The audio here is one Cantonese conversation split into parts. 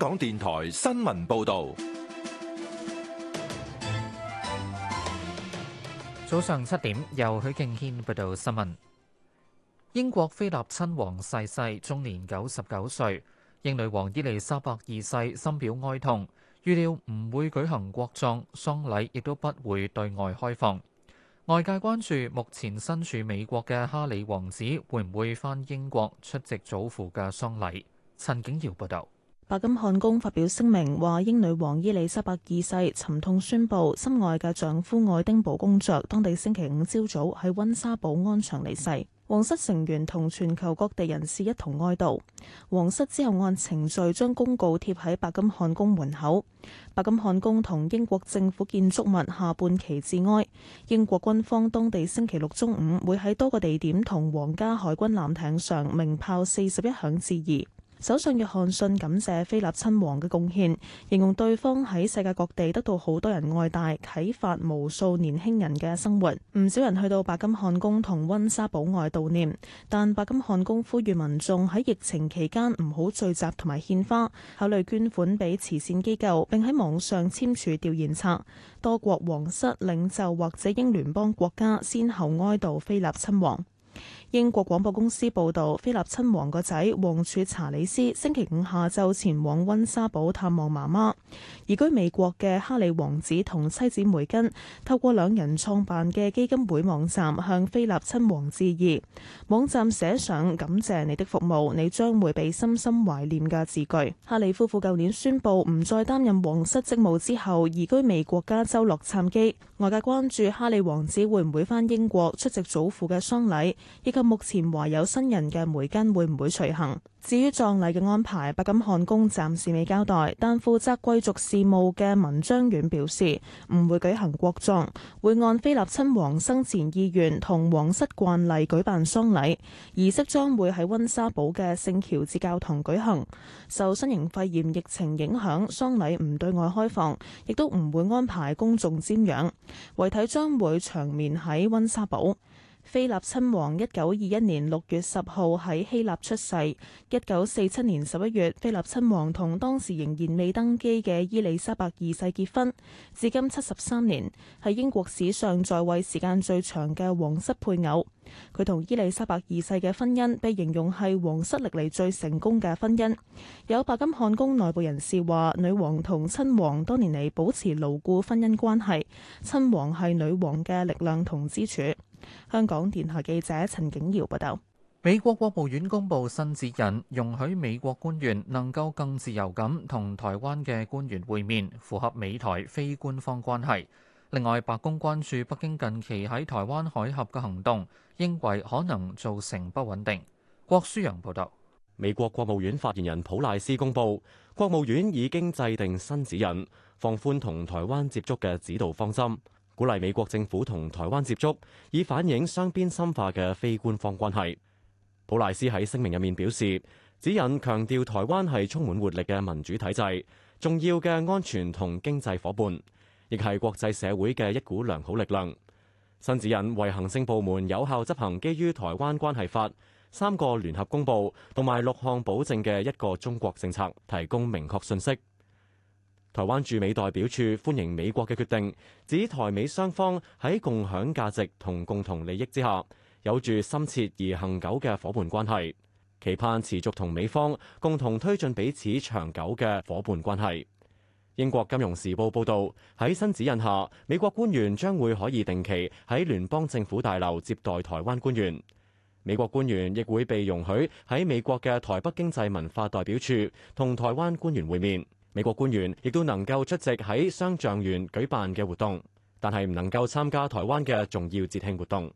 港電台新聞報道，早上七點由許敬軒報道新聞。英國菲臘親王逝世，世，終年九十九歲。英女王伊麗莎白二世深表哀痛，預料唔會舉行國葬，喪禮亦都不會對外開放。外界關注目前身處美國嘅哈里王子會唔會返英國出席祖父嘅喪禮。陳景堯報道。白金漢宮發表聲明話，英女王伊麗莎白二世沉痛宣布，心愛嘅丈夫愛丁堡公爵，當地星期五朝早喺溫莎堡安詳離世。皇室成員同全球各地人士一同哀悼。皇室之後按程序將公告貼喺白金漢宮門口。白金漢宮同英國政府建築物下半旗致哀。英國軍方當地星期六中午會喺多個地點同皇家海軍艦艇上鳴炮四十一響致意。首相約翰遜感謝菲臘親王嘅貢獻，形容對方喺世界各地得到好多人愛戴，啟發無數年輕人嘅生活。唔少人去到白金漢宮同温莎堡外悼念，但白金漢宮呼籲民眾喺疫情期間唔好聚集同埋獻花，考慮捐款俾慈善機構，並喺網上簽署悼念冊。多國王室領袖或者英聯邦國家先後哀悼菲臘親王。英國廣播公司報道，菲立親王個仔王儲查理斯星期五下晝前往温莎堡探望媽媽。移居美國嘅哈利王子同妻子梅根透過兩人創辦嘅基金會網站向菲立親王致意，網站寫上感謝你的服務，你將會被深深懷念嘅字句。哈利夫婦舊年宣布唔再擔任皇室職務之後，移居美國加州洛杉磯。外界關注哈利王子會唔會返英國出席祖父嘅喪禮。目前懷有身孕嘅梅根會唔會隨行？至於葬禮嘅安排，白金漢宮暫時未交代。但負責貴族事務嘅紋章院表示，唔會舉行國葬，會按菲臘親王生前意願同皇室慣例舉辦喪禮。儀式將會喺温莎堡嘅聖喬治教堂舉行。受新型肺炎疫情影響，喪禮唔對外開放，亦都唔會安排公眾瞻仰。遺體將會長眠喺温莎堡。菲立親王一九二一年六月十號喺希臘出世，一九四七年十一月，菲立親王同當時仍然未登基嘅伊麗莎白二世結婚，至今七十三年，係英國史上在位時間最長嘅皇室配偶。佢同伊麗莎白二世嘅婚姻被形容係皇室歷嚟最成功嘅婚姻。有白金漢宮內部人士話，女王同親王多年嚟保持牢固婚姻關係，親王係女王嘅力量同支柱。香港電台記者陳景堯報道。美國國務院公布新指引，容許美國官員能夠更自由咁同台灣嘅官員會面，符合美台非官方關係。另外，白宮關注北京近期喺台灣海峽嘅行動，認為可能造成不穩定。郭舒陽報道，美國國務院發言人普賴斯公布，國務院已經制定新指引，放寬同台灣接觸嘅指導方針，鼓勵美國政府同台灣接觸，以反映雙邊深化嘅非官方關係。普賴斯喺聲明入面表示，指引強調台灣係充滿活力嘅民主體制，重要嘅安全同經濟伙伴。亦係國際社會嘅一股良好力量，新指引為行政部門有效執行基於台灣關係法三個聯合公佈同埋六項保證嘅一個中國政策提供明確信息。台灣駐美代表處歡迎美國嘅決定，指台美雙方喺共享價值同共同利益之下，有住深切而恒久嘅伙伴關係，期盼持續同美方共同推進彼此長久嘅伙伴關係。英國金融時報報道，喺新指引下，美國官員將會可以定期喺聯邦政府大樓接待台灣官員。美國官員亦會被容許喺美國嘅台北經濟文化代表處同台灣官員會面。美國官員亦都能夠出席喺雙橡園舉辦嘅活動，但係唔能夠參加台灣嘅重要節慶活動。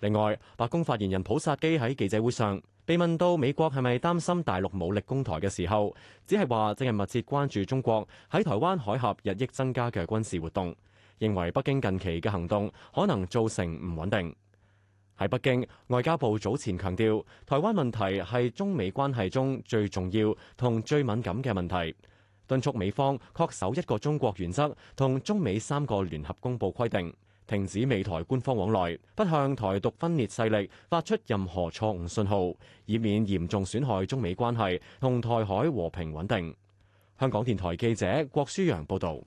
另外，白宮發言人普薩基喺記者會上。被問到美國係咪擔心大陸武力攻台嘅時候，只係話正係密切關注中國喺台灣海峽日益增加嘅軍事活動，認為北京近期嘅行動可能造成唔穩定。喺北京，外交部早前強調，台灣問題係中美關係中最重要同最敏感嘅問題，敦促美方恪守一個中國原則同中美三個聯合公報規定。停止美台官方往來，不向台獨分裂勢力發出任何錯誤信號，以免嚴重損害中美關係同台海和平穩定。香港電台記者郭書陽報道：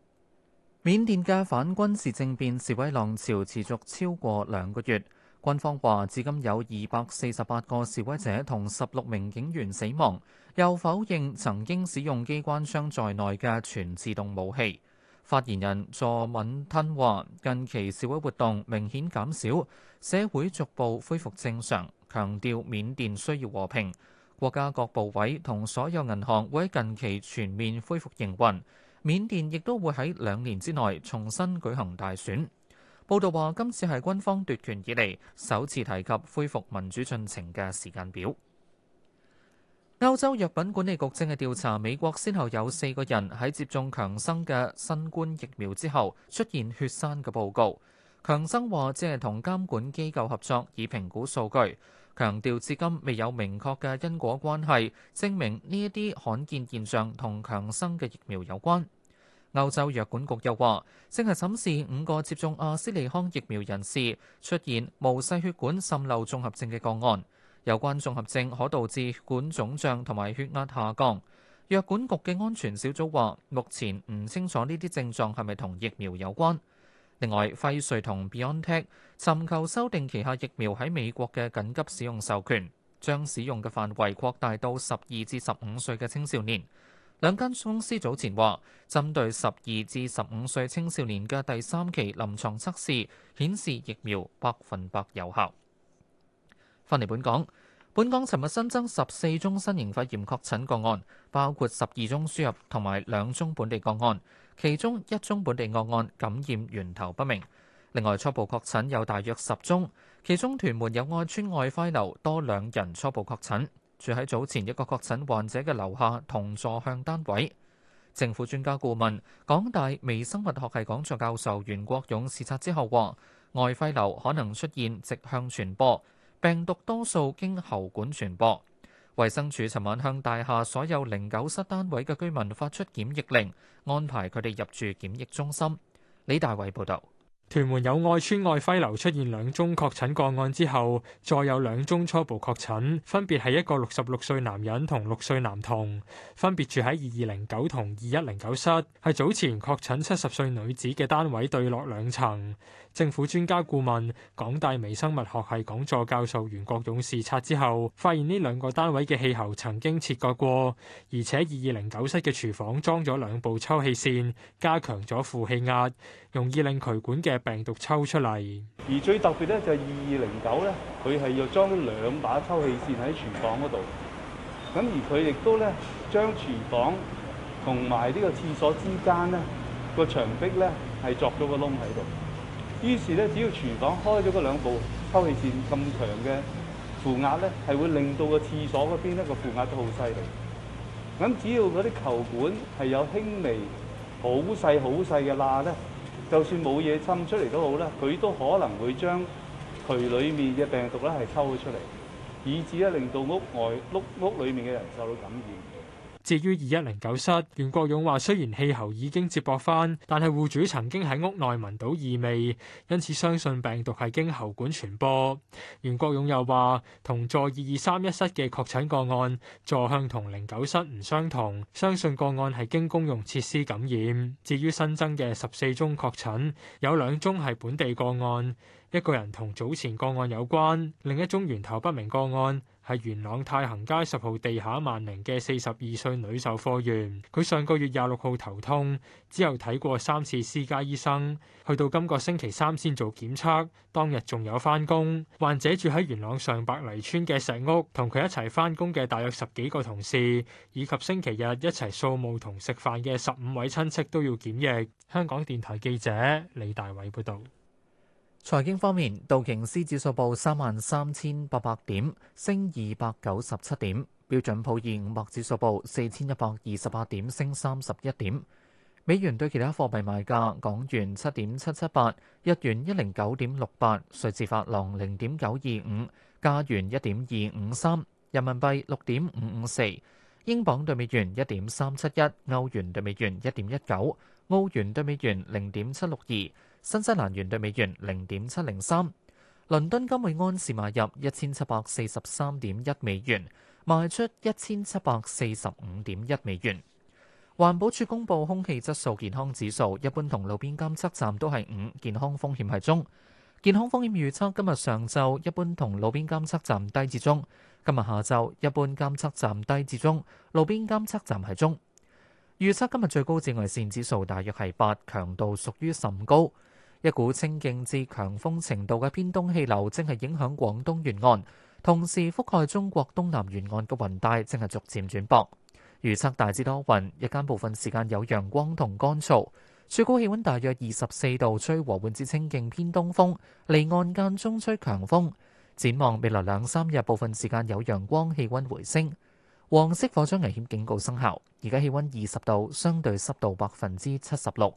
緬甸嘅反軍事政變示威浪潮持續超過兩個月，軍方話至今有二百四十八個示威者同十六名警員死亡，又否認曾經使用機關槍在內嘅全自動武器。發言人佐敏吞話：近期示威活動明顯減少，社會逐步恢復正常，強調緬甸需要和平。國家各部委同所有銀行會喺近期全面恢復營運。緬甸亦都會喺兩年之內重新舉行大選。報導話，今次係軍方奪權以嚟首次提及恢復民主進程嘅時間表。歐洲藥品管理局正係調查美國先後有四個人喺接種強生嘅新冠疫苗之後出現血栓嘅報告。強生話，只係同監管機構合作以評估數據，強調至今未有明確嘅因果關係，證明呢一啲罕見現象同強生嘅疫苗有關。歐洲藥管局又話，正係審視五個接種阿斯利康疫苗人士出現毛細血管滲漏綜合症嘅個案。有關綜合症可導致血管腫脹同埋血壓下降。藥管局嘅安全小組話，目前唔清楚呢啲症狀係咪同疫苗有關。另外，輝瑞同 BeyondTech 尋求修訂旗下疫苗喺美國嘅緊急使用授權，將使用嘅範圍擴大到十二至十五歲嘅青少年。兩間公司早前話，針對十二至十五歲青少年嘅第三期臨床測試顯示疫苗百分百有效。翻嚟本港，本港尋日新增十四宗新型肺炎確診個案，包括十二宗輸入同埋兩宗本地個案，其中一宗本地個案感染源頭不明。另外，初步確診有大約十宗，其中屯門友愛邨愛輝樓多兩人初步確診，住喺早前一個確診患者嘅樓下同座向單位。政府專家顧問、港大微生物學系講座教授袁國勇視察之後話，愛輝樓可能出現直向傳播。病毒多數經喉管傳播。衛生署尋晚向大廈所有零九室單位嘅居民發出檢疫令，安排佢哋入住檢疫中心。李大偉報導。屯門友愛村愛輝樓出現兩宗確診個案之後，再有兩宗初步確診，分別係一個六十六歲男人同六歲男童，分別住喺二二零九同二一零九室，係早前確診七十歲女子嘅單位對落兩層。政府專家顧問、港大微生物學系講座教授袁國勇視察之後，發現呢兩個單位嘅氣候曾經切割過，而且二二零九室嘅廚房裝咗兩部抽氣扇，加強咗負氣壓，容易令渠管嘅病毒抽出嚟。而最特別咧就係二二零九咧，佢係要裝咗兩把抽氣扇喺廚房嗰度。咁而佢亦都咧將廚房同埋呢個廁所之間咧個牆壁咧係作咗個窿喺度。於是咧，只要廚房開咗嗰兩部抽氣扇咁強嘅負壓咧，係會令到個廁所嗰邊咧個負壓都好犀利。咁只要嗰啲球管係有輕微、好細、好細嘅罅咧，就算冇嘢滲出嚟都好咧，佢都可能會將渠裡面嘅病毒咧係抽咗出嚟，以致咧令到屋外、屋屋裏面嘅人受到感染。至於二一零九室，袁國勇話：雖然氣喉已經接駁返，但係戶主曾經喺屋內聞到異味，因此相信病毒係經喉管傳播。袁國勇又話：同座二二三一室嘅確診個案座向同零九室唔相同，相信個案係經公用設施感染。至於新增嘅十四宗確診，有兩宗係本地個案，一個人同早前個案有關，另一宗源頭不明個案。喺元朗泰衡街十號地下萬寧嘅四十二歲女售貨員，佢上個月廿六號頭痛，之後睇過三次私家醫生，去到今個星期三先做檢測，當日仲有返工。患者住喺元朗上白泥村嘅石屋，同佢一齊返工嘅大約十幾個同事，以及星期日一齊掃墓同食飯嘅十五位親戚都要檢疫。香港電台記者李大偉報道。財經方面，道瓊斯指數報三萬三千八百點，升二百九十七點；標準普爾五百指數報四千一百二十八點，升三十一點。美元對其他貨幣賣價：港元七點七七八，日元一零九點六八，瑞士法郎零點九二五，加元一點二五三，人民幣六點五五四，英鎊對美元一點三七一，歐元對美元一點一九，澳元對美元零點七六二。新西蘭元對美元零點七零三，倫敦金每盎司買入一千七百四十三點一美元，賣出一千七百四十五點一美元。環保署公布空氣質素健康指數，一般同路邊監測站都係五，健康風險係中。健康風險預測今日上晝一般同路邊監測站低至中，今日下晝一般監測站低至中，路邊監測站係中。預測今日最高紫外線指數大約係八，強度屬於甚高。一股清勁至強風程度嘅偏東氣流正係影響廣東沿岸，同時覆蓋中國東南沿岸嘅雲帶正係逐漸轉薄。預測大致多雲，日間部分時間有陽光同乾燥。最高氣温大約二十四度，吹和緩至清勁偏東風，離岸間中吹強風。展望未來兩三日部分時間有陽光，氣温回升。黃色火災危險警告生效，而家氣温二十度，相對濕度百分之七十六。